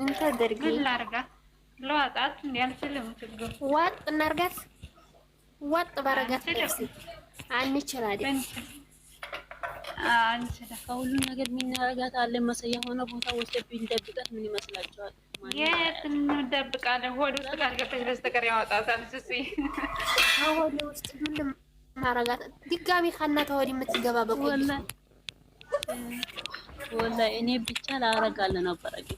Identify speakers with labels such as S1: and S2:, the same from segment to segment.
S1: ምን ታደርጊ?
S2: ለዋጣት ችግር
S1: ዋጥ እናርጋት። ዋጥ ባረጋት አንችላለን።
S3: ነገር የሚናረጋት አለ መሰያ ቦታ ምን ይመስላችኋል?
S2: የት እንደብቃለን? ሆድ ውስጥ ካልገባች በስተቀር ያወጣታል።
S1: ውስጥ ሁሉም ማረጋት ድጋሚ የምትገባ
S2: በቆይ
S3: ወላሂ እኔ ብቻ ላረጋለ ነበረ ግን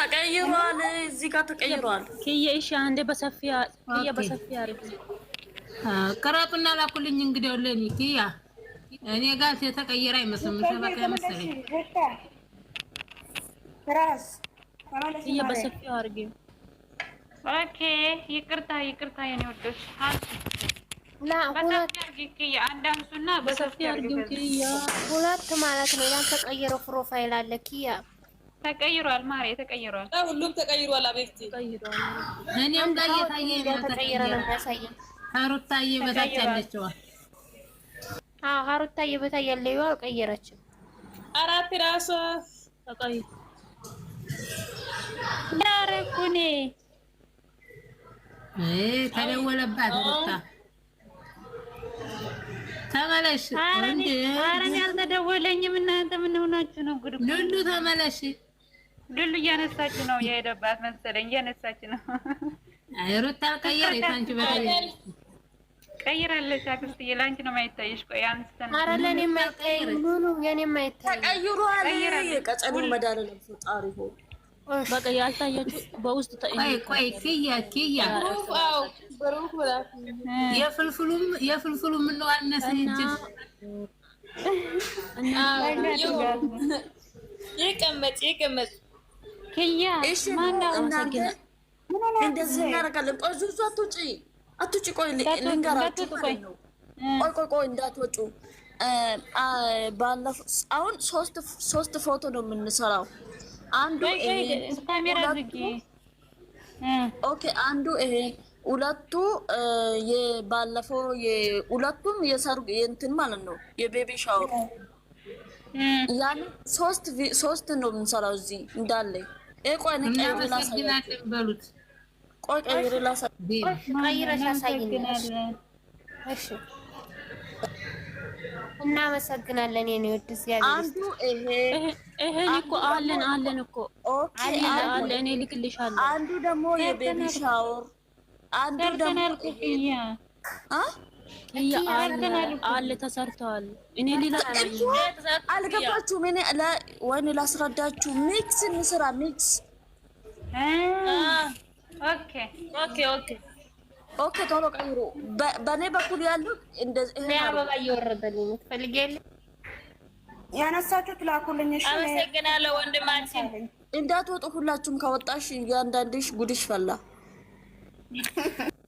S3: ተቀይሯል። እዚህ ጋር ተቀይሯል።
S1: ክዬ እሺ፣ አንዴ በሰፊያ ክዬ፣ በሰፊያ አሪፍ
S3: ቅረጡና ላኩልኝ። እንግዲህ ወለኒ ክያ እኔ ጋር የተቀየረ አይመስልም። ሸበካ መሰለኝ።
S1: ክዬ በሰፊያው አድርጊ።
S2: ኦኬ፣ ይቅርታ፣ ይቅርታ የኔ ወዶች ሁለት ማለት
S1: ነው። ያን ፕሮፋይል አለ ኪያ
S2: ተቀይሯል ማሬ ተቀይሯል።
S3: ሁሉም ተቀይሯል። አቤት ተቀይሯል። እኔም ላይ የታየ
S1: ነው የሚያሳየው።
S3: ሀሩታዬ በታች ያለችዋ
S1: አዎ፣ ሀሩታዬ በታች ያለችዋ አልቀየረችም።
S2: አራት ራሷ ተቀይ
S1: ያረኩኔ
S3: እ ተደወለባት ሩታ ተመለሽ
S1: እንዴ? አረን ያልተደወለኝም እናንተ ምን ሆናችሁ ነው? ጉድ
S3: ሉሉ ተመለሽ
S2: ሉሉ እያነሳች ነው የሄደባት መሰለኝ፣ እያነሳች ነው።
S3: ሩታ ቀየር ታንቺ በተለይ
S2: ቀይራለች። አክስትዬ ለአንቺ ነው የማይታይሽ። ቆይ አንስተን
S1: ኧረ ለእኔ የማይታይ ሉሉ የኔ የማይታይ
S3: ተቀይሯል። ቀጸሉ መድኃኒዓለም ጣሪ ሆ
S1: በቃ ያልታያችሁ በውስጥ
S3: ቆይ ቆይ ክያ ክያ የፍልፍሉም የፍልፍሉም ነው አነሰ እንጂ እና ይቀመጥ ይቀመጥ እንደዚህ እናደርጋለን። ቆይ ዙዙ አትውጪ አትውጪ። ቆይ ልንገራችሁ ቆይ ቆይ ቆይ እንዳትወጪ። ባለፈው አሁን ሶስት ፎቶ ነው የምንሰራው። አንዱ ኦኬ፣ አንዱ ይሄ ሁለቱ የባለፈው ሁለቱም የሰርግ የእንትን ማለት ነው የቤቢ ሻወር ያን ሶስት ነው የምንሰራው እዚህ እንዳለ
S1: እናመሰግናለን የኔ ወድ
S3: አንዱ
S2: እኮ አለን አለን እኮ አለን እኔ ልክልሻለሁ።
S3: አንዱ ደግሞ የቤቢ ሻወር አንዱ
S2: ደግሞ አለ ተሰርተዋል። እኔ ሌላ
S3: አልገባችሁም። እኔ ወይኔ ላስረዳችሁ። ሚክስ እንስራ ሚክስ። ኦኬ ቶሎ ቀይሩ። በእኔ በኩል ያሉት እንደዚህ
S1: አበባ እየወረደልኝ ትፈልጊያለሽ?
S3: ያነሳችሁት ላኩልኝ።
S2: አመሰግናለሁ ወንድማችን።
S3: እንዳትወጡ ሁላችሁም። ከወጣሽ እያንዳንድሽ ጉድሽ ፈላ።